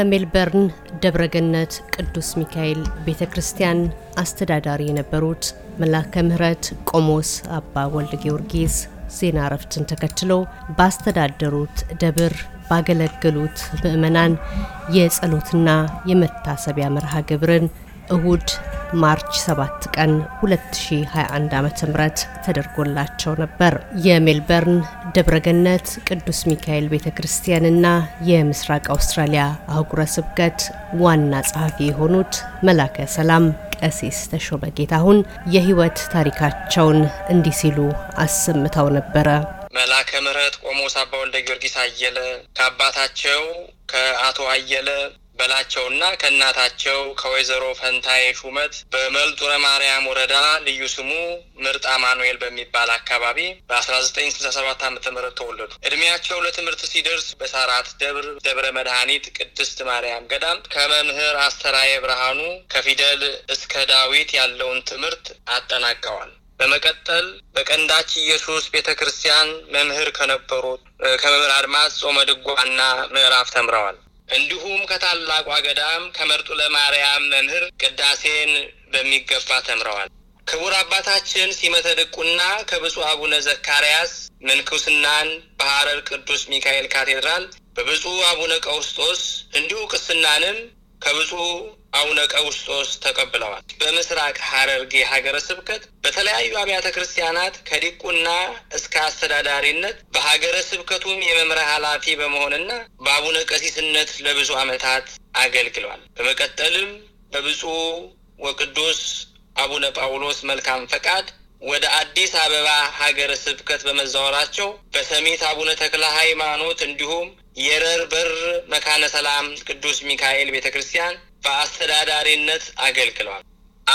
የሜልበርን ደብረገነት ቅዱስ ሚካኤል ቤተ ክርስቲያን አስተዳዳሪ የነበሩት መላከ ምሕረት ቆሞስ አባ ወልደ ጊዮርጊስ ዜና እረፍትን ተከትሎ ባስተዳደሩት ደብር ባገለገሉት ምእመናን የጸሎትና የመታሰቢያ መርሃ ግብርን እሁድ ማርች 7 ቀን 2021 ዓ ም ተደርጎላቸው ነበር። የሜልበርን ደብረገነት ቅዱስ ሚካኤል ቤተ ክርስቲያንና የምስራቅ አውስትራሊያ አህጉረ ስብከት ዋና ጸሐፊ የሆኑት መላከ ሰላም ቀሲስ ተሾመ ጌታሁን የህይወት ታሪካቸውን እንዲህ ሲሉ አሰምተው ነበረ። መላከ ምሕረት ቆሞስ አባ ወልደ ጊዮርጊስ አየለ ከአባታቸው ከአቶ አየለ በላቸውና ከእናታቸው ከወይዘሮ ፈንታዬ ሹመት በመልጡረ ማርያም ወረዳ ልዩ ስሙ ምርጥ አማኑኤል በሚባል አካባቢ በ1967 ዓ ም ተወለዱ። እድሜያቸው ለትምህርት ሲደርስ በሳራት ደብር ደብረ መድኃኒት ቅድስት ማርያም ገዳም ከመምህር አስተራየ ብርሃኑ ከፊደል እስከ ዳዊት ያለውን ትምህርት አጠናቀዋል። በመቀጠል በቀንዳች ኢየሱስ ቤተ ክርስቲያን መምህር ከነበሩት ከመምህር አድማስ ጾመ ድጓና ምዕራፍ ተምረዋል። እንዲሁም ከታላቋ ገዳም ከመርጡ ለማርያም መምህር ቅዳሴን በሚገባ ተምረዋል። ክቡር አባታችን ሲመተ ድቁና ከብፁዕ አቡነ ዘካርያስ ምንኩስናን በሐረር ቅዱስ ሚካኤል ካቴድራል በብፁዕ አቡነ ቀውስጦስ እንዲሁ ቅስናንም ከብፁዕ አቡነ ቀውስጦስ ተቀብለዋል። በምስራቅ ሐረርጌ ሀገረ ስብከት በተለያዩ አብያተ ክርስቲያናት ከዲቁና እስከ አስተዳዳሪነት በሀገረ ስብከቱም የመምሪያ ኃላፊ በመሆንና በአቡነ ቀሲስነት ለብዙ ዓመታት አገልግሏል። በመቀጠልም በብፁዕ ወቅዱስ አቡነ ጳውሎስ መልካም ፈቃድ ወደ አዲስ አበባ ሀገረ ስብከት በመዛወራቸው በሰሚት አቡነ ተክለ ሃይማኖት እንዲሁም የረርበር መካነ ሰላም ቅዱስ ሚካኤል ቤተ ክርስቲያን በአስተዳዳሪነት አገልግለዋል።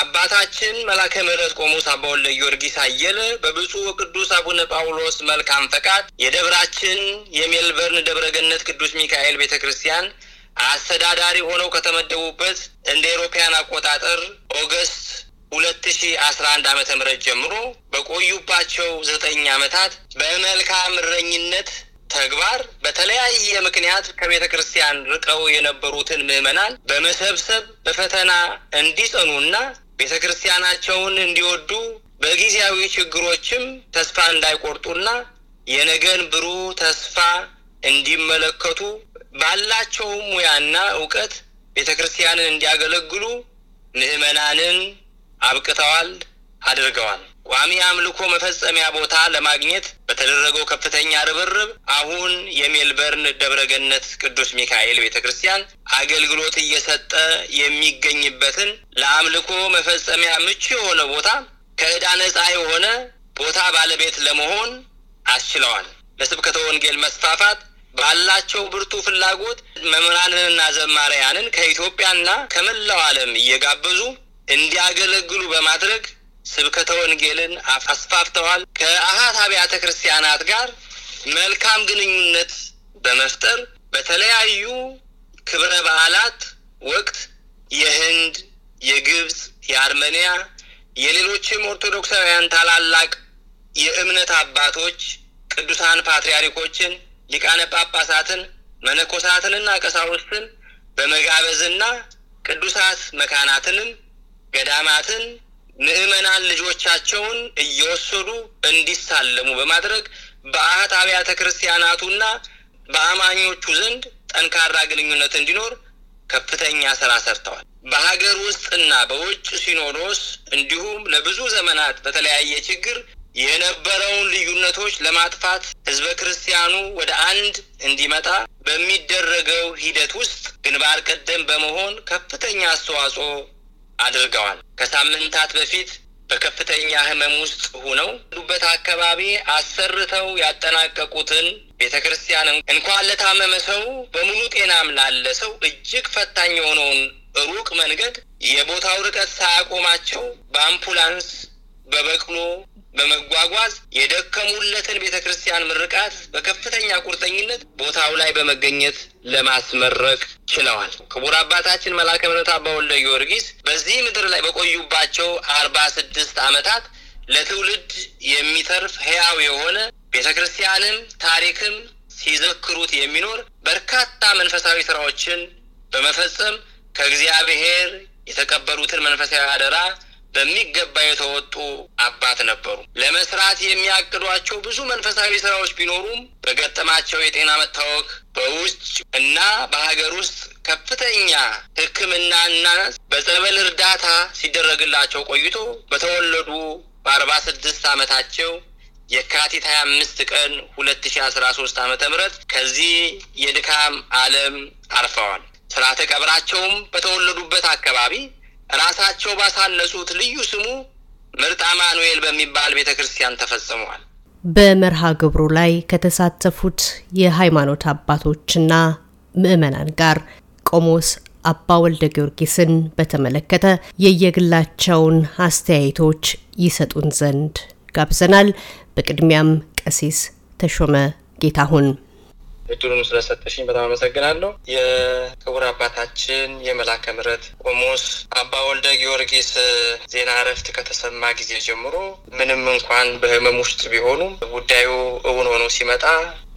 አባታችን መላከ ምሕረት ቆሞስ አባ ወልደ ጊዮርጊስ አየለ በብፁዕ ቅዱስ አቡነ ጳውሎስ መልካም ፈቃድ የደብራችን የሜልበርን ደብረገነት ቅዱስ ሚካኤል ቤተ ክርስቲያን አስተዳዳሪ ሆነው ከተመደቡበት እንደ ኤሮፓያን አቆጣጠር ኦገስት ሁለት ሺ አስራ አንድ ጀምሮ በቆዩባቸው ዘጠኝ ዓመታት በመልካም እረኝነት ተግባር በተለያየ ምክንያት ከቤተ ክርስቲያን ርቀው የነበሩትን ምዕመናን በመሰብሰብ በፈተና እንዲጸኑና ቤተ ክርስቲያናቸውን እንዲወዱ በጊዜያዊ ችግሮችም ተስፋ እንዳይቆርጡና የነገን ብሩህ ተስፋ እንዲመለከቱ ባላቸውም ሙያና እውቀት ቤተ ክርስቲያንን እንዲያገለግሉ ምዕመናንን አብቅተዋል አድርገዋል። ቋሚ አምልኮ መፈጸሚያ ቦታ ለማግኘት በተደረገው ከፍተኛ ርብርብ አሁን የሜልበርን ደብረገነት ቅዱስ ሚካኤል ቤተ ክርስቲያን አገልግሎት እየሰጠ የሚገኝበትን ለአምልኮ መፈጸሚያ ምቹ የሆነ ቦታ ከዕዳ ነጻ የሆነ ቦታ ባለቤት ለመሆን አስችለዋል። ለስብከተ ወንጌል መስፋፋት ባላቸው ብርቱ ፍላጎት መምህራንንና ዘማሪያንን ከኢትዮጵያና ከመላው ዓለም እየጋበዙ እንዲያገለግሉ በማድረግ ስብከተ ወንጌልን አስፋፍተዋል። ከአሃት አብያተ ክርስቲያናት ጋር መልካም ግንኙነት በመፍጠር በተለያዩ ክብረ በዓላት ወቅት የህንድ፣ የግብፅ፣ የአርሜንያ የሌሎችም ኦርቶዶክሳውያን ታላላቅ የእምነት አባቶች ቅዱሳን ፓትርያርኮችን፣ ሊቃነ ጳጳሳትን፣ መነኮሳትንና ቀሳውስትን በመጋበዝና ቅዱሳት መካናትንም ገዳማትን ምእመናን ልጆቻቸውን እየወሰዱ እንዲሳለሙ በማድረግ በአህት አብያተ ክርስቲያናቱና በአማኞቹ ዘንድ ጠንካራ ግንኙነት እንዲኖር ከፍተኛ ስራ ሰርተዋል። በሀገር ውስጥና በውጭ ሲኖዶስ እንዲሁም ለብዙ ዘመናት በተለያየ ችግር የነበረውን ልዩነቶች ለማጥፋት ህዝበ ክርስቲያኑ ወደ አንድ እንዲመጣ በሚደረገው ሂደት ውስጥ ግንባር ቀደም በመሆን ከፍተኛ አስተዋጽኦ አድርገዋል። ከሳምንታት በፊት በከፍተኛ ህመም ውስጥ ሆነው ሉበት አካባቢ አሰርተው ያጠናቀቁትን ቤተ ክርስቲያን እንኳን ለታመመ ሰው በሙሉ ጤናም ላለ ሰው እጅግ ፈታኝ የሆነውን ሩቅ መንገድ የቦታው ርቀት ሳያቆማቸው በአምፑላንስ በበቅሎ በመጓጓዝ የደከሙለትን ቤተ ክርስቲያን ምርቃት በከፍተኛ ቁርጠኝነት ቦታው ላይ በመገኘት ለማስመረቅ ችለዋል። ክቡር አባታችን መልአከ ምሕረት አባ ወልደ ጊዮርጊስ በዚህ ምድር ላይ በቆዩባቸው አርባ ስድስት ዓመታት ለትውልድ የሚተርፍ ሕያው የሆነ ቤተ ክርስቲያንም ታሪክም ሲዘክሩት የሚኖር በርካታ መንፈሳዊ ስራዎችን በመፈጸም ከእግዚአብሔር የተቀበሉትን መንፈሳዊ አደራ በሚገባ የተወጡ አባት ነበሩ። ለመስራት የሚያቅዷቸው ብዙ መንፈሳዊ ስራዎች ቢኖሩም በገጠማቸው የጤና መታወክ በውጭ እና በሀገር ውስጥ ከፍተኛ ሕክምናና በጸበል እርዳታ ሲደረግላቸው ቆይቶ በተወለዱ በአርባ ስድስት ዓመታቸው የካቲት 25 ቀን 2013 ዓ ም ከዚህ የድካም ዓለም አርፈዋል። ስርዓተ ቀብራቸውም በተወለዱበት አካባቢ ራሳቸው ባሳነሱት ልዩ ስሙ ምርጥ አማኑኤል በሚባል ቤተ ክርስቲያን ተፈጽሟል። በመርሃ ግብሩ ላይ ከተሳተፉት የሃይማኖት አባቶችና ምዕመናን ጋር ቆሞስ አባ ወልደ ጊዮርጊስን በተመለከተ የየግላቸውን አስተያየቶች ይሰጡን ዘንድ ጋብዘናል። በቅድሚያም ቀሲስ ተሾመ ጌታሁን እድሉን ስለሰጠሽኝ በጣም አመሰግናለሁ። የክቡር አባታችን የመላከ ምሕረት ቆሞስ አባ ወልደ ጊዮርጊስ ዜና እረፍት ከተሰማ ጊዜ ጀምሮ ምንም እንኳን በህመም ውስጥ ቢሆኑም ጉዳዩ እውን ሆኖ ሲመጣ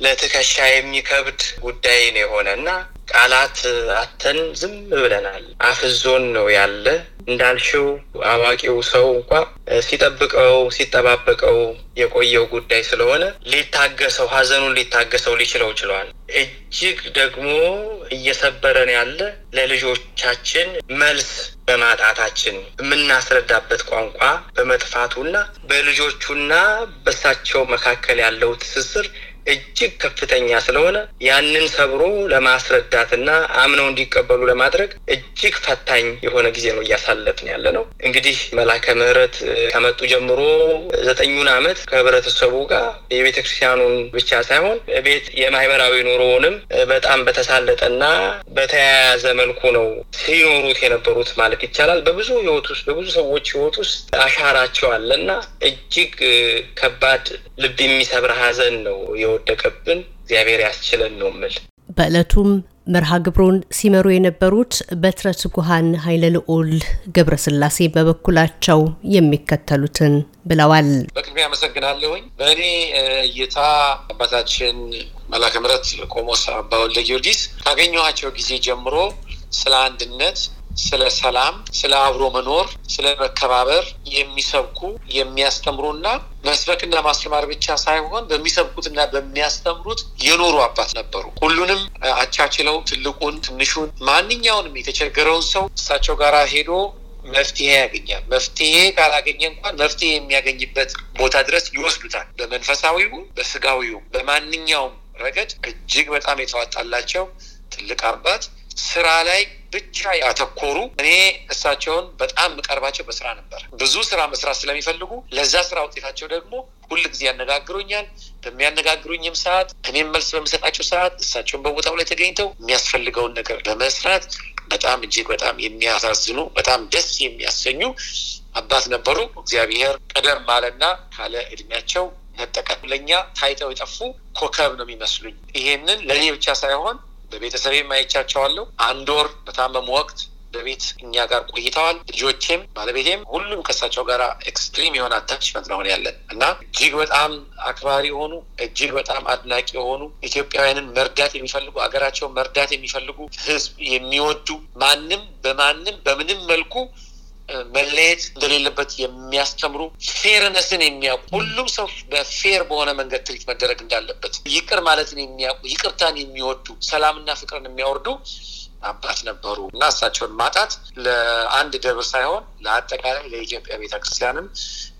ለትከሻ የሚከብድ ጉዳይ ነው የሆነ እና ቃላት አተን ዝም ብለናል። አፍዞን ነው ያለ። እንዳልሽው አዋቂው ሰው እንኳ ሲጠብቀው ሲጠባበቀው የቆየው ጉዳይ ስለሆነ ሊታገሰው ሀዘኑን ሊታገሰው ሊችለው ችሏል። እጅግ ደግሞ እየሰበረን ያለ ለልጆቻችን መልስ በማጣታችን የምናስረዳበት ቋንቋ በመጥፋቱና በልጆቹና በእሳቸው መካከል ያለው ትስስር እጅግ ከፍተኛ ስለሆነ ያንን ሰብሮ ለማስረዳትና አምነው እንዲቀበሉ ለማድረግ እጅግ ፈታኝ የሆነ ጊዜ ነው እያሳለፍን ያለ ነው። እንግዲህ መላከ ምሕረት ከመጡ ጀምሮ ዘጠኙን ዓመት ከህብረተሰቡ ጋር የቤተ ክርስቲያኑን ብቻ ሳይሆን ቤት የማህበራዊ ኑሮውንም በጣም በተሳለጠና በተያያዘ መልኩ ነው ሲኖሩት የነበሩት ማለት ይቻላል። በብዙ ህይወት ውስጥ በብዙ ሰዎች ህይወት ውስጥ አሻራቸው አለና እጅግ ከባድ ልብ የሚሰብር ሀዘን ነው የወደቀብን እግዚአብሔር ያስችለን ነው ምል በዕለቱም መርሃ ግብሩን ሲመሩ የነበሩት በትረ ትጉሃን ሀይለ ልዑል ገብረስላሴ በበኩላቸው የሚከተሉትን ብለዋል። በቅድሚያ አመሰግናለሁኝ። በእኔ እይታ አባታችን መላከ ምረት ቆሞስ አባወልደ ጊዮርጊስ ካገኘኋቸው ጊዜ ጀምሮ ስለ አንድነት ስለ ሰላም፣ ስለ አብሮ መኖር፣ ስለ መከባበር የሚሰብኩ የሚያስተምሩና መስበክና ማስተማር ብቻ ሳይሆን በሚሰብኩትና በሚያስተምሩት የኖሩ አባት ነበሩ። ሁሉንም አቻችለው ትልቁን፣ ትንሹን፣ ማንኛውንም የተቸገረውን ሰው እሳቸው ጋር ሄዶ መፍትሄ ያገኛል። መፍትሄ ካላገኘ እንኳን መፍትሄ የሚያገኝበት ቦታ ድረስ ይወስዱታል። በመንፈሳዊው፣ በስጋዊው፣ በማንኛውም ረገድ እጅግ በጣም የተዋጣላቸው ትልቅ አባት ስራ ላይ ብቻ ያተኮሩ እኔ እሳቸውን በጣም የምቀርባቸው በስራ ነበር። ብዙ ስራ መስራት ስለሚፈልጉ ለዛ ስራ ውጤታቸው ደግሞ ጊዜ ያነጋግሩኛል። በሚያነጋግሩኝም ሰዓት እኔም መልስ በምሰጣቸው ሰዓት እሳቸውን በቦታው ላይ ተገኝተው የሚያስፈልገውን ነገር በመስራት በጣም እጅግ በጣም የሚያሳዝኑ በጣም ደስ የሚያሰኙ አባት ነበሩ። እግዚአብሔር ቀደም ማለና ካለ እድሜያቸው ነጠቀ። ለእኛ ታይተው የጠፉ ኮከብ ነው የሚመስሉኝ። ይሄንን ለእኔ ብቻ ሳይሆን በቤተሰቤ ማይቻቸዋለሁ። አንድ ወር በታመሙ ወቅት በቤት እኛ ጋር ቆይተዋል። ልጆቼም ባለቤቴም ሁሉም ከሳቸው ጋር ኤክስትሪም የሆነ አታችመንት ነው ያለን እና እጅግ በጣም አክባሪ የሆኑ እጅግ በጣም አድናቂ የሆኑ ኢትዮጵያውያንን መርዳት የሚፈልጉ አገራቸውን መርዳት የሚፈልጉ ሕዝብ የሚወዱ ማንም በማንም በምንም መልኩ መለየት እንደሌለበት የሚያስተምሩ ፌርነስን የሚያውቁ ሁሉም ሰው በፌር በሆነ መንገድ ትሪት መደረግ እንዳለበት ይቅር ማለትን የሚያውቁ ይቅርታን የሚወዱ ሰላምና ፍቅርን የሚያወርዱ አባት ነበሩ እና እሳቸውን ማጣት ለአንድ ደብር ሳይሆን ለአጠቃላይ ለኢትዮጵያ ቤተክርስቲያንም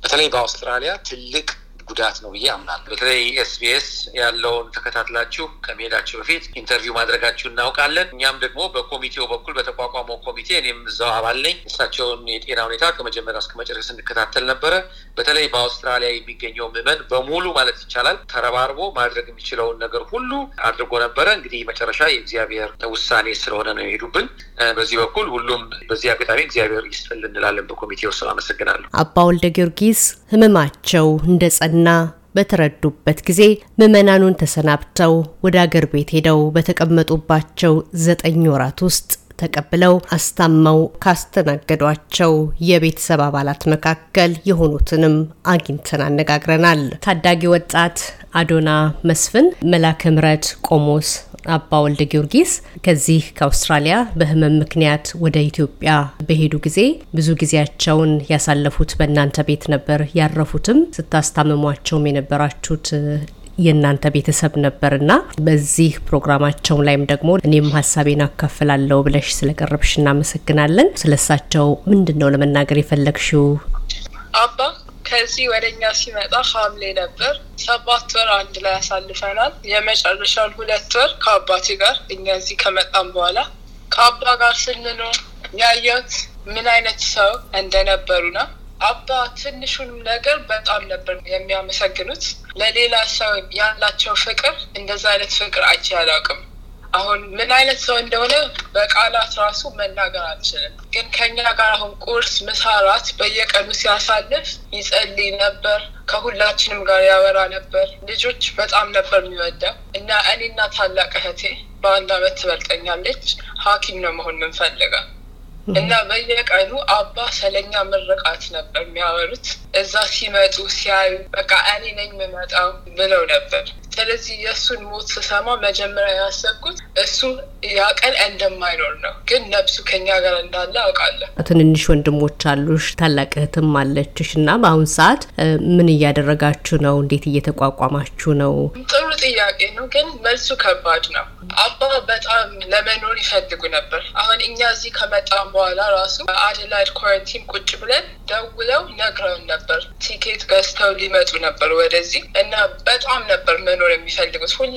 በተለይ በአውስትራሊያ ትልቅ ጉዳት ነው ብዬ አምናለሁ። በተለይ ኤስቢኤስ ያለውን ተከታትላችሁ ከመሄዳችሁ በፊት ኢንተርቪው ማድረጋችሁ እናውቃለን። እኛም ደግሞ በኮሚቴው በኩል በተቋቋመው ኮሚቴ እኔም እዛው አባል ነኝ። እሳቸውን የጤና ሁኔታ ከመጀመሪያ እስከ መጨረስ እንከታተል ነበረ። በተለይ በአውስትራሊያ የሚገኘው ምዕመን በሙሉ ማለት ይቻላል ተረባርቦ ማድረግ የሚችለውን ነገር ሁሉ አድርጎ ነበረ። እንግዲህ መጨረሻ የእግዚአብሔር ውሳኔ ስለሆነ ነው የሄዱብን። በዚህ በኩል ሁሉም በዚህ አጋጣሚ እግዚአብሔር ይስጥል እንላለን። በኮሚቴው ስም አመሰግናለሁ። አባ ወልደ ጊዮርጊስ ህመማቸው እንደጸና በሰሙትና በተረዱበት ጊዜ ምዕመናኑን ተሰናብተው ወደ አገር ቤት ሄደው በተቀመጡባቸው ዘጠኝ ወራት ውስጥ ተቀብለው አስታመው ካስተናገዷቸው የቤተሰብ አባላት መካከል የሆኑትንም አግኝተን አነጋግረናል። ታዳጊ ወጣት አዶና መስፍን መላከ ምረት ቆሞስ አባ ወልደ ጊዮርጊስ ከዚህ ከአውስትራሊያ በህመም ምክንያት ወደ ኢትዮጵያ በሄዱ ጊዜ ብዙ ጊዜያቸውን ያሳለፉት በእናንተ ቤት ነበር ያረፉትም። ስታስታምሟቸውም የነበራችሁት የእናንተ ቤተሰብ ነበርና በዚህ ፕሮግራማቸው ላይም ደግሞ እኔም ሀሳቤን አካፍላለሁ ብለሽ ስለቀረብሽ እናመሰግናለን። ስለሳቸው ምንድን ነው ለመናገር የፈለግሽው? አባ ከዚህ ወደኛ ሲመጣ ሐምሌ ነበር። ሰባት ወር አንድ ላይ ያሳልፈናል። የመጨረሻውን ሁለት ወር ከአባቴ ጋር እኛ እዚህ ከመጣም በኋላ ከአባ ጋር ስንኖር ያየሁት ምን አይነት ሰው እንደነበሩና አባ ትንሹንም ነገር በጣም ነበር የሚያመሰግኑት። ለሌላ ሰው ያላቸው ፍቅር እንደዛ አይነት ፍቅር አይቼ አላውቅም። አሁን ምን አይነት ሰው እንደሆነ በቃላት ራሱ መናገር አልችልም። ግን ከኛ ጋር አሁን ቁርስ፣ ምሳ፣ ራት በየቀኑ ሲያሳልፍ ይጸልይ ነበር። ከሁላችንም ጋር ያወራ ነበር። ልጆች በጣም ነበር የሚወደው እና እኔና ታላቅ እህቴ በአንድ አመት ትበልጠኛለች። ሐኪም ነው መሆን የምንፈልገው እና በየቀኑ አባ ስለኛ ምርቃት ነበር የሚያወሩት። እዛ ሲመጡ ሲያዩ በቃ እኔ ነኝ የምመጣው ብለው ነበር። ስለዚህ የእሱን ሞት ስሰማ መጀመሪያ ያሰብኩት እሱ ያ ቀን እንደማይኖር ነው፣ ግን ነብሱ ከኛ ጋር እንዳለ አውቃለሁ። ትንንሽ ወንድሞች አሉሽ፣ ታላቅ እህትም አለችሽ እና በአሁን ሰዓት ምን እያደረጋችሁ ነው? እንዴት እየተቋቋማችሁ ነው? ጥሩ ጥያቄ ነው፣ ግን መልሱ ከባድ ነው። አባ በጣም ለመኖር ይፈልጉ ነበር። አሁን እኛ እዚህ ከመጣም በኋላ ራሱ አደላይድ ኳረንቲን ቁጭ ብለን ደውለው ነግረውን ነበር። ቲኬት ገዝተው ሊመጡ ነበር ወደዚህ እና በጣም ነበር መኖር የሚፈልጉት።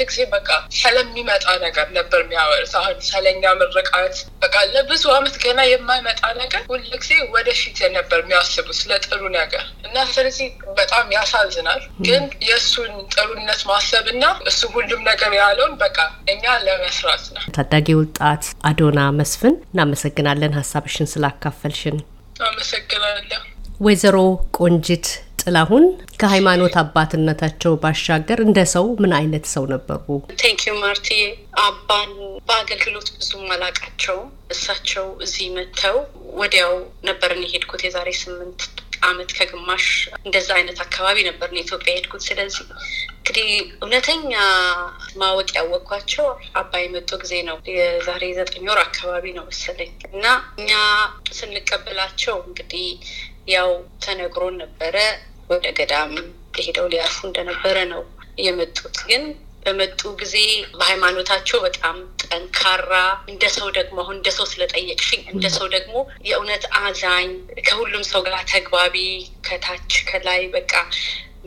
ጊዜ በቃ ስለሚመጣ ነገር ነበር የሚያወሩት። አሁን ስለኛ ምርቃት በቃ ለብዙ አመት ገና የማይመጣ ነገር ጊዜ ወደፊት ነበር የሚያስቡት ለጥሩ ነገር እና ስለዚህ በጣም ያሳዝናል። ግን የእሱን ጥሩነት ማሰብ እና እሱ ሁሉም ነገር ያለውን በቃ እኛ ለመስራት ነው። ታዳጊ ወጣት አዶና መስፍን እናመሰግናለን። ሀሳብሽን ስላካፈልሽን አመሰግናለሁ። ወይዘሮ ቆንጂት ጥላሁን ከሃይማኖት አባትነታቸው ባሻገር እንደ ሰው ምን አይነት ሰው ነበሩ? ቴንኪዩ ማርቲ። አባን በአገልግሎት ብዙም አላቃቸውም። እሳቸው እዚህ መጥተው ወዲያው ነበርን የሄድኩት የዛሬ ስምንት አመት ከግማሽ እንደዛ አይነት አካባቢ ነበር ኢትዮጵያ የሄድኩት። ስለዚህ እንግዲህ እውነተኛ ማወቅ ያወቅኳቸው አባይ መቶ ጊዜ ነው። የዛሬ ዘጠኝ ወር አካባቢ ነው መሰለኝ እና እኛ ስንቀበላቸው እንግዲህ ያው ተነግሮን ነበረ ወደ ገዳም ሄደው ሊያርፉ እንደነበረ ነው የመጡት ግን በመጡ ጊዜ በሃይማኖታቸው በጣም ጠንካራ እንደ ሰው ደግሞ አሁን እንደ ሰው ስለጠየቅሽኝ እንደ ሰው ደግሞ የእውነት አዛኝ ከሁሉም ሰው ጋር ተግባቢ ከታች ከላይ በቃ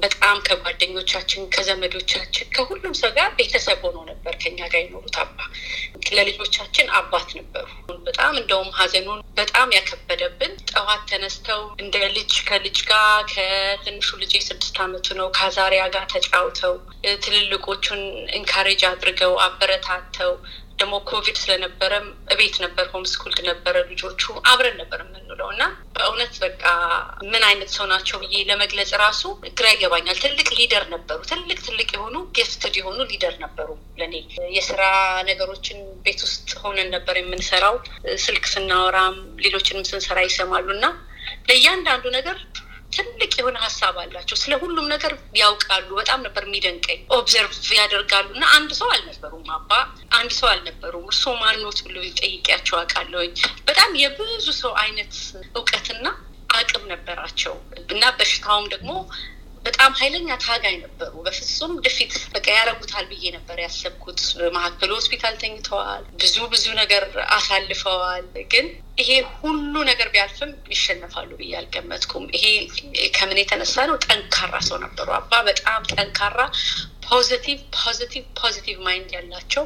በጣም ከጓደኞቻችን ከዘመዶቻችን ከሁሉም ሰው ጋር ቤተሰብ ሆኖ ነበር ከኛ ጋር የኖሩት አባ ለልጆቻችን አባት ነበሩ። በጣም እንደውም ሀዘኑን በጣም ያከበደብን ጠዋት ተነስተው እንደ ልጅ ከልጅ ጋር ከትንሹ ልጅ የስድስት ዓመቱ ነው ከዛሪያ ጋር ተጫውተው ትልልቆቹን ኢንካሬጅ አድርገው አበረታተው ደግሞ ኮቪድ ስለነበረ እቤት ነበር፣ ሆምስኩልድ ነበረ ልጆቹ አብረን ነበር የምንውለው እና በእውነት በቃ ምን አይነት ሰው ናቸው ብዬ ለመግለጽ ራሱ ግራ ይገባኛል። ትልቅ ሊደር ነበሩ። ትልቅ ትልቅ የሆኑ ጌፍትድ የሆኑ ሊደር ነበሩ ለእኔ። የስራ ነገሮችን ቤት ውስጥ ሆነን ነበር የምንሰራው። ስልክ ስናወራም ሌሎችንም ስንሰራ ይሰማሉ እና ለእያንዳንዱ ነገር ትልቅ የሆነ ሀሳብ አላቸው። ስለ ሁሉም ነገር ያውቃሉ። በጣም ነበር የሚደንቀኝ። ኦብዘርቭ ያደርጋሉ እና አንድ ሰው አልነበሩም አባ አንድ ሰው አልነበሩም። እርሶ ማንኖት ብሎ ጠይቂያቸው አውቃለሁኝ። በጣም የብዙ ሰው አይነት እውቀትና አቅም ነበራቸው እና በሽታውም ደግሞ በጣም ኃይለኛ ታጋይ ነበሩ። በፍጹም ድፊት በቃ ያረጉታል ብዬ ነበር ያሰብኩት። መካከሉ ሆስፒታል ተኝተዋል፣ ብዙ ብዙ ነገር አሳልፈዋል። ግን ይሄ ሁሉ ነገር ቢያልፍም ይሸነፋሉ ብዬ አልገመትኩም። ይሄ ከምን የተነሳ ነው? ጠንካራ ሰው ነበሩ አባ። በጣም ጠንካራ ፖዚቲቭ ፖዚቲቭ ፖዚቲቭ ማይንድ ያላቸው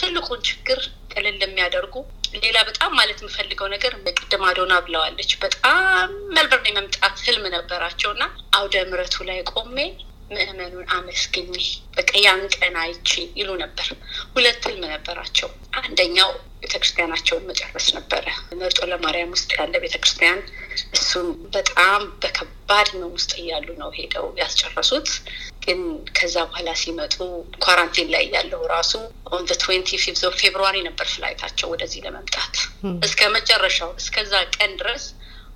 ትልቁን ችግር ቅልል የሚያደርጉ ሌላ በጣም ማለት የምፈልገው ነገር በቅድም አዶና ብለዋለች። በጣም መልበርን የመምጣት ህልም ነበራቸው እና አውደ ምረቱ ላይ ቆሜ ምእመኑን አመስግኝ በቃ ያን ቀን አይቺ ይሉ ነበር። ሁለት ህልም ነበራቸው። አንደኛው ቤተክርስቲያናቸውን መጨረስ ነበረ። መርጦ ለማርያም ውስጥ ያለ ቤተክርስቲያን፣ እሱም በጣም በከባድ ነው ውስጥ እያሉ ነው ሄደው ያስጨረሱት። ግን ከዛ በኋላ ሲመጡ ኳራንቲን ላይ ያለው ራሱ ኦን ትንቲ ትዌንቲ ፌብሩዋሪ ነበር ፍላይታቸው ወደዚህ ለመምጣት እስከ መጨረሻው እስከዛ ቀን ድረስ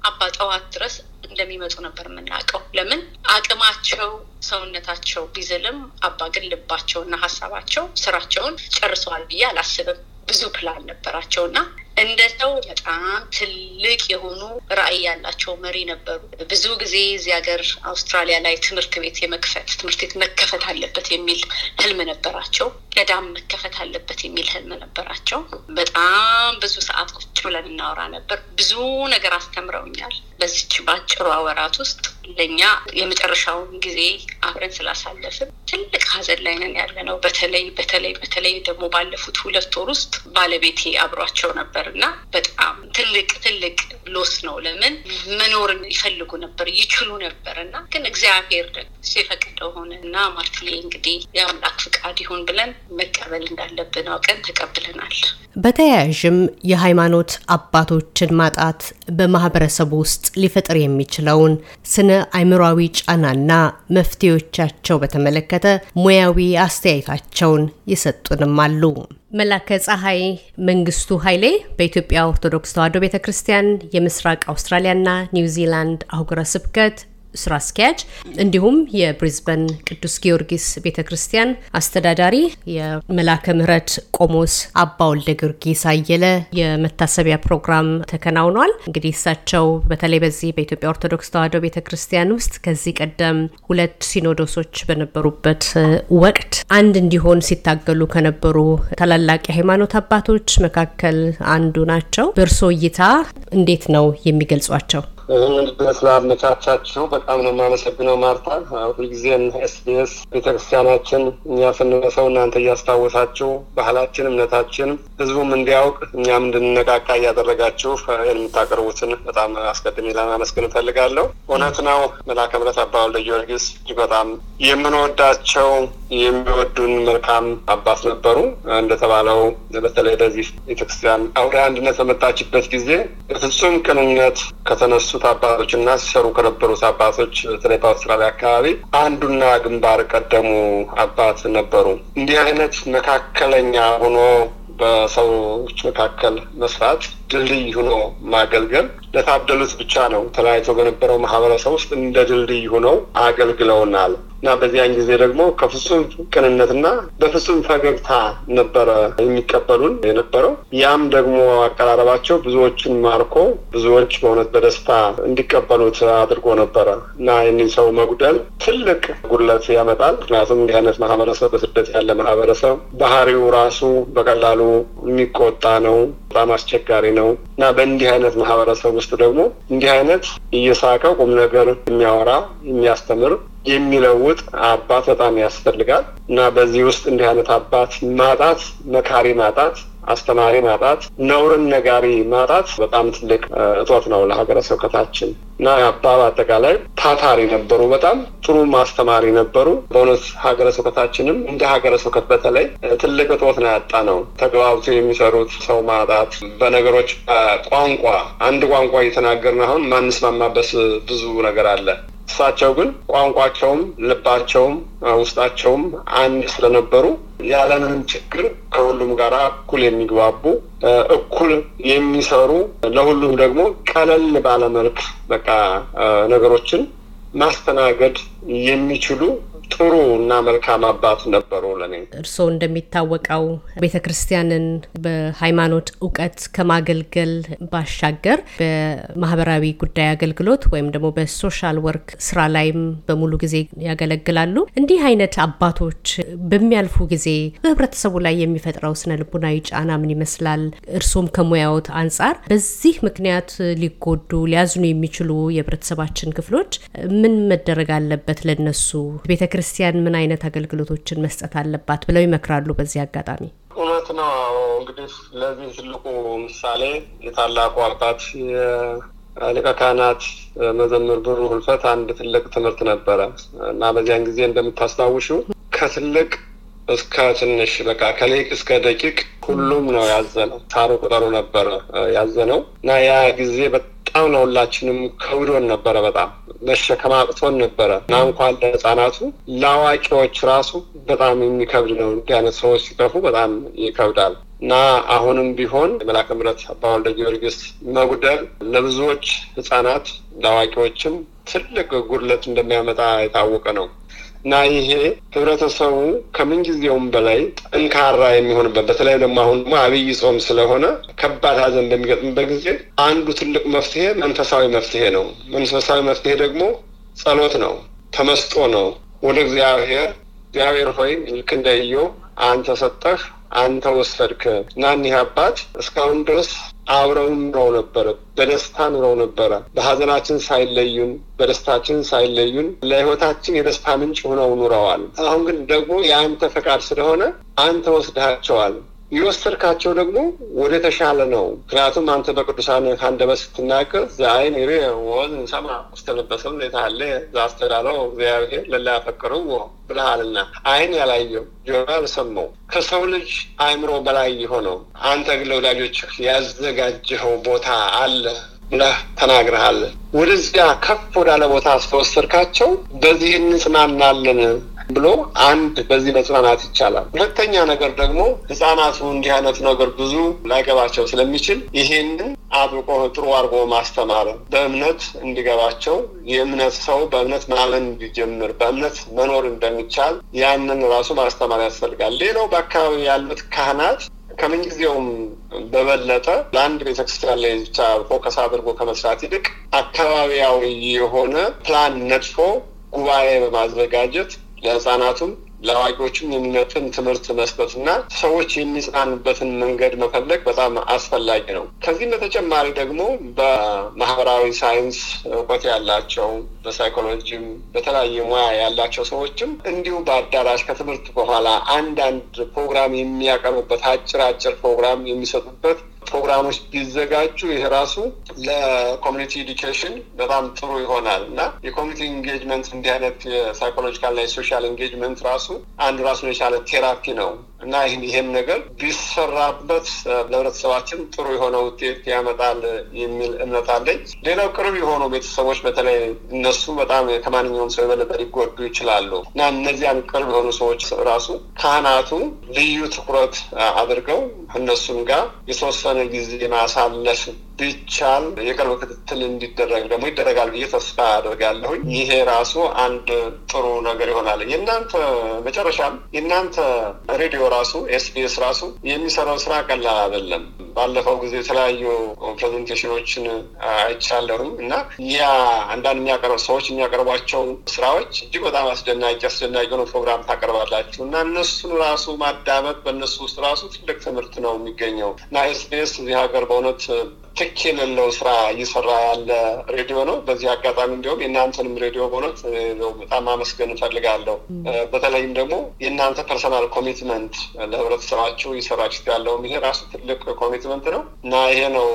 አባ ጠዋት ድረስ እንደሚመጡ ነበር የምናውቀው። ለምን አቅማቸው ሰውነታቸው ቢዝልም አባ ግን ልባቸውና ሀሳባቸው ስራቸውን ጨርሰዋል ብዬ አላስብም። ብዙ ፕላን ነበራቸው እና እንደ ሰው በጣም ትልቅ የሆኑ ራዕይ ያላቸው መሪ ነበሩ። ብዙ ጊዜ እዚህ ሀገር አውስትራሊያ ላይ ትምህርት ቤት የመክፈት ትምህርት ቤት መከፈት አለበት የሚል ህልም ነበራቸው። ገዳም መከፈት አለበት የሚል ህልም ነበራቸው። በጣም ብዙ ሰዓት ብለን እናወራ ነበር። ብዙ ነገር አስተምረውኛል። በዚች በአጭሩ ወራት ውስጥ ለእኛ የመጨረሻውን ጊዜ አብረን ስላሳለፍን ትልቅ ሀዘን ላይ ነን ያለ ነው። በተለይ በተለይ በተለይ ደግሞ ባለፉት ሁለት ወር ውስጥ ባለቤቴ አብሯቸው ነበር እና በጣም ትልቅ ትልቅ ሎስ ነው። ለምን መኖርን ይፈልጉ ነበር ይችሉ ነበር እና ግን እግዚአብሔር ደግሞ የፈቀደው ሆነ እና ማርትዬ እንግዲህ የአምላክ ፍቃድ ይሁን ብለን መቀበል እንዳለብን አውቀን ተቀብለናል። በተያያዥም የሃይማኖት አባቶችን ማጣት በማህበረሰቡ ውስጥ ሊፈጥር የሚችለውን ስነ አይምሯዊ ጫናና መፍትሄዎቻቸው በተመለከተ ሙያዊ አስተያየታቸውን ይሰጡንም አሉ። መላከ ፀሐይ መንግስቱ ኃይሌ በኢትዮጵያ ኦርቶዶክስ ተዋሕዶ ቤተ ክርስቲያን የምስራቅ አውስትራሊያና ኒውዚላንድ አህጉረ ስብከት ስራ አስኪያጅ እንዲሁም የብሪዝበን ቅዱስ ጊዮርጊስ ቤተ ክርስቲያን አስተዳዳሪ የመላከ ምህረት ቆሞስ አባ ወልደ ጊዮርጊስ አየለ የመታሰቢያ ፕሮግራም ተከናውኗል። እንግዲህ እሳቸው በተለይ በዚህ በኢትዮጵያ ኦርቶዶክስ ተዋህዶ ቤተ ክርስቲያን ውስጥ ከዚህ ቀደም ሁለት ሲኖዶሶች በነበሩበት ወቅት አንድ እንዲሆን ሲታገሉ ከነበሩ ታላላቅ የሃይማኖት አባቶች መካከል አንዱ ናቸው። በእርሶ እይታ እንዴት ነው የሚገልጿቸው? ይህንን ድል ስላመቻቻችሁ በጣም ነው የማመሰግነው ማርታ። ሁልጊዜ ኤስቢኤስ ቤተክርስቲያናችን እኛ ስንረሰው እናንተ እያስታወሳችሁ ባህላችን፣ እምነታችን ህዝቡም እንዲያውቅ እኛም እንድንነቃቃ እያደረጋችሁ የምታቀርቡትን በጣም አስቀድሜ ለማመስገን እፈልጋለሁ። እውነት ነው መልአከ ምሕረት አባ ወልደ ጊዮርጊስ እጅግ በጣም የምንወዳቸው የሚወዱን መልካም አባት ነበሩ። እንደተባለው በተለይ ለዚህ ቤተክርስቲያን አውደ አንድነት በመጣችበት ጊዜ በፍጹም ቅንነት ከተነሱ ከተነሱት አባቶች እና ሲሰሩ ከነበሩት አባቶች በተለይ በአውስትራሊያ አካባቢ አንዱና ግንባር ቀደሙ አባት ነበሩ። እንዲህ አይነት መካከለኛ ሆኖ በሰዎች መካከል መስራት ድልድይ ሆኖ ማገልገል ለታደሉት ብቻ ነው። ተለያይቶ በነበረው ማህበረሰብ ውስጥ እንደ ድልድይ ሆነው አገልግለውናል እና በዚያን ጊዜ ደግሞ ከፍጹም ቅንነትና በፍጹም ፈገግታ ነበረ የሚቀበሉን የነበረው። ያም ደግሞ አቀራረባቸው ብዙዎችን ማርኮ ብዙዎች በእውነት በደስታ እንዲቀበሉት አድርጎ ነበረ እና ይህንን ሰው መጉደል ትልቅ ጉድለት ያመጣል። ምክንያቱም እንዲህ ማህበረሰብ፣ በስደት ያለ ማህበረሰብ ባህሪው ራሱ በቀላሉ የሚቆጣ ነው። በጣም አስቸጋሪ ነው እና በእንዲህ አይነት ማህበረሰብ ውስጥ ደግሞ እንዲህ አይነት እየሳቀ ቁም ነገር የሚያወራ የሚያስተምር የሚለውጥ አባት በጣም ያስፈልጋል እና በዚህ ውስጥ እንዲህ አይነት አባት ማጣት መካሪ ማጣት አስተማሪ ማጣት ነውርን ነጋሪ ማጣት በጣም ትልቅ እጦት ነው ለሀገረ ስብከታችን እና አባ አጠቃላይ ታታሪ ነበሩ። በጣም ጥሩ ማስተማሪ ነበሩ። በእውነት ሀገረ ስብከታችንም እንደ ሀገረ ስብከት በተለይ ትልቅ እጦት ነው ያጣ ነው። ተግባብቶ የሚሰሩት ሰው ማጣት በነገሮች ቋንቋ አንድ ቋንቋ እየተናገርን አሁን ማንስማማበት ብዙ ነገር አለ። እሳቸው ግን ቋንቋቸውም ልባቸውም ውስጣቸውም አንድ ስለነበሩ ያለምንም ችግር ከሁሉም ጋር እኩል የሚግባቡ እኩል የሚሰሩ ለሁሉም ደግሞ ቀለል ባለመልክ በቃ ነገሮችን ማስተናገድ የሚችሉ ጥሩ እና መልካም አባት ነበሩ። ለኔ እርስዎ እንደሚታወቀው ቤተ ክርስቲያንን በሃይማኖት እውቀት ከማገልገል ባሻገር በማህበራዊ ጉዳይ አገልግሎት ወይም ደግሞ በሶሻል ወርክ ስራ ላይም በሙሉ ጊዜ ያገለግላሉ። እንዲህ አይነት አባቶች በሚያልፉ ጊዜ በህብረተሰቡ ላይ የሚፈጥረው ስነ ልቡናዊ ጫና ምን ይመስላል? እርስዎም ከሙያዎት አንጻር በዚህ ምክንያት ሊጎዱ ሊያዝኑ የሚችሉ የህብረተሰባችን ክፍሎች ምን መደረግ አለበት? ለነሱ ቤተ ክርስቲያን ምን አይነት አገልግሎቶችን መስጠት አለባት ብለው ይመክራሉ? በዚህ አጋጣሚ እውነት ነው። እንግዲህ ለዚህ ትልቁ ምሳሌ የታላቁ አባት ሊቀ ካህናት መዘምር ብሩ ህልፈት አንድ ትልቅ ትምህርት ነበረ እና በዚያን ጊዜ እንደምታስታውሹ ከትልቅ እስከ ትንሽ በቃ ከሌቅ እስከ ደቂቅ ሁሉም ነው ያዘነው። ሳሩ ቁጠሩ ነበረ ያዘነው እና ያ ጊዜ በጣም ነው ሁላችንም ከብዶን ነበረ። በጣም መሸከም አቅቶን ነበረ እና እንኳን ለህፃናቱ ለአዋቂዎች ራሱ በጣም የሚከብድ ነው። እንዲህ አይነት ሰዎች ሲጠፉ በጣም ይከብዳል እና አሁንም ቢሆን የመላከ ምሕረት አባ ወልደ ጊዮርጊስ መጉደል ለብዙዎች ህጻናት ለአዋቂዎችም ትልቅ ጉድለት እንደሚያመጣ የታወቀ ነው። እና ይሄ ህብረተሰቡ ከምንጊዜውም በላይ ጠንካራ የሚሆንበት በተለይ ደግሞ አሁን ደግሞ አብይ ጾም ስለሆነ ከባድ ሀዘን በሚገጥምበት ጊዜ አንዱ ትልቅ መፍትሄ መንፈሳዊ መፍትሄ ነው። መንፈሳዊ መፍትሄ ደግሞ ጸሎት ነው፣ ተመስጦ ነው። ወደ እግዚአብሔር እግዚአብሔር ሆይ ልክ እንደ ኢዮብ አንተ ሰጠህ አንተ ወሰድክ እና እኒህ አባት እስካሁን ድረስ አብረውን ኑረው ነበረ። በደስታ ኑረው ነበረ። በሀዘናችን ሳይለዩን፣ በደስታችን ሳይለዩን ለህይወታችን የደስታ ምንጭ ሆነው ኑረዋል። አሁን ግን ደግሞ የአንተ ፈቃድ ስለሆነ አንተ ወስደሃቸዋል። የወሰድካቸው ደግሞ ወደ ተሻለ ነው። ምክንያቱም አንተ በቅዱሳን ከአንደበት ስትናገር ዛይን ይሬ ወዝ እንሰማ ውስተ ልበ ሰብእ ዘይተሃለ ዘአስተዳለው እግዚአብሔር ለላ ያፈቅረው ብለሃልና አይን ያላየው ጆሮ ያልሰማው ከሰው ልጅ አእምሮ በላይ የሆነው አንተ ግን ለወዳጆች ያዘጋጀኸው ቦታ አለ ብለህ ተናግረሃል። ወደዚያ ከፍ ወዳለ ቦታ ስለወሰድካቸው በዚህ እንጽናናለን። ብሎ አንድ በዚህ መጽናናት ይቻላል። ሁለተኛ ነገር ደግሞ ህፃናቱ እንዲህ አይነቱ ነገር ብዙ ላይገባቸው ስለሚችል ይሄንን አጥብቆ ጥሩ አድርጎ ማስተማር በእምነት እንዲገባቸው የእምነት ሰው በእምነት ማመን እንዲጀምር በእምነት መኖር እንደሚቻል ያንን ራሱ ማስተማር ያስፈልጋል። ሌላው በአካባቢ ያሉት ካህናት ከምንጊዜውም በበለጠ ለአንድ ቤተክርስቲያን ላይ ብቻ ፎከስ አድርጎ ከመስራት ይልቅ አካባቢያዊ የሆነ ፕላን ነድፎ ጉባኤ በማዘጋጀት ለህፃናቱም ለአዋቂዎችም የሚመጥን ትምህርት መስጠትና ሰዎች የሚጽናኑበትን መንገድ መፈለግ በጣም አስፈላጊ ነው። ከዚህም በተጨማሪ ደግሞ በማህበራዊ ሳይንስ እውቀት ያላቸው በሳይኮሎጂም በተለያየ ሙያ ያላቸው ሰዎችም እንዲሁ በአዳራሽ ከትምህርት በኋላ አንዳንድ ፕሮግራም የሚያቀርቡበት አጭር አጭር ፕሮግራም የሚሰጡበት ፕሮግራሞች ቢዘጋጁ ይሄ ራሱ ለኮሚኒቲ ኢዲኬሽን በጣም ጥሩ ይሆናል እና የኮሚኒቲ ኢንጌጅመንት እንዲህ አይነት የሳይኮሎጂካል ና የሶሻል ኢንጌጅመንት ራሱ አንድ ራሱን የቻለ ቴራፒ ነው። እና ይህም ነገር ቢሰራበት ለህብረተሰባችን ጥሩ የሆነ ውጤት ያመጣል የሚል እምነት አለኝ። ሌላው ቅርብ የሆኑ ቤተሰቦች በተለይ እነሱ በጣም ከማንኛውም ሰው የበለጠ ሊጎዱ ይችላሉ እና እነዚያን ቅርብ የሆኑ ሰዎች ራሱ ካህናቱ ልዩ ትኩረት አድርገው እነሱም ጋር የተወሰነ ጊዜ ማሳለፍ ቢቻል የቅርብ ክትትል እንዲደረግ ደግሞ ይደረጋል ብዬ ተስፋ አደርጋለሁኝ። ይሄ ራሱ አንድ ጥሩ ነገር ይሆናል። የእናንተ መጨረሻም የእናንተ ሬዲዮ ራሱ ኤስቢኤስ ራሱ የሚሰራው ስራ ቀላል አይደለም። ባለፈው ጊዜ የተለያዩ ፕሬዘንቴሽኖችን አይቻለሁም እና ያ አንዳንድ የሚያቀርብ ሰዎች የሚያቀርቧቸው ስራዎች እጅግ በጣም አስደናቂ አስደናቂ የሆነ ፕሮግራም ታቀርባላችሁ እና እነሱን ራሱ ማዳመጥ በእነሱ ውስጥ ራሱ ትልቅ ትምህርት ነው የሚገኘው እና ኤስቢኤስ እዚህ ሀገር በእውነት ትክ የሌለው ስራ እየሰራ ያለ ሬዲዮ ነው። በዚህ አጋጣሚ እንዲሁም የእናንተንም ሬዲዮ በእውነት በጣም አመስገን እፈልጋለሁ። በተለይም ደግሞ የእናንተ ፐርሰናል ኮሚትመንት ለህብረተሰባችሁ እየሰራችሁት ያለው ይሄ ራሱ ትልቅ ኮሚት ኮሚትመንት ነው እና ይሄ ነው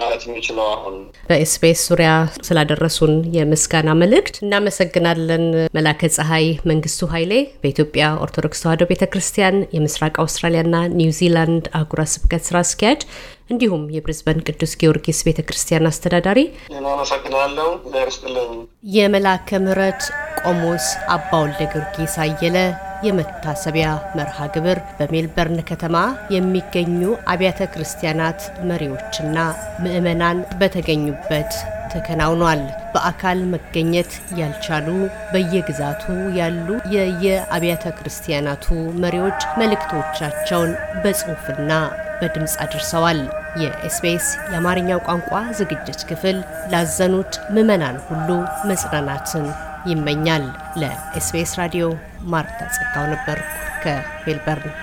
ማለት የሚችለው። አሁን በኤስቢኤስ ዙሪያ ስላደረሱን የምስጋና መልእክት እናመሰግናለን። መላከ ፀሐይ መንግስቱ ኃይሌ በኢትዮጵያ ኦርቶዶክስ ተዋሕዶ ቤተ ክርስቲያን የምስራቅ አውስትራሊያና ኒውዚላንድ አህጉረ ስብከት ስራ አስኪያጅ እንዲሁም የብሪዝበን ቅዱስ ጊዮርጊስ ቤተ ክርስቲያን አስተዳዳሪ አመሰግናለሁ። የመላከ ምሕረት ቆሞስ አባ ወልደ ጊዮርጊስ አየለ የመታሰቢያ መርሃ ግብር በሜልበርን ከተማ የሚገኙ አብያተ ክርስቲያናት መሪዎችና ምዕመናን በተገኙበት ተከናውኗል። በአካል መገኘት ያልቻሉ በየግዛቱ ያሉ የየአብያተ ክርስቲያናቱ መሪዎች መልእክቶቻቸውን በጽሑፍና በድምፅ አድርሰዋል። የኤስቢኤስ የአማርኛው ቋንቋ ዝግጅት ክፍል ላዘኑት ምዕመናን ሁሉ መጽናናትን ይመኛል። ለኤስቢኤስ ራዲዮ ማርታ ጸጋው ነበር ከሜልበርን።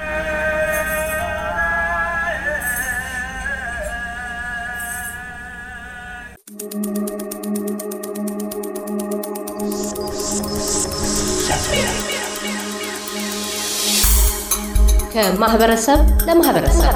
ከማህበረሰብ ለማህበረሰብ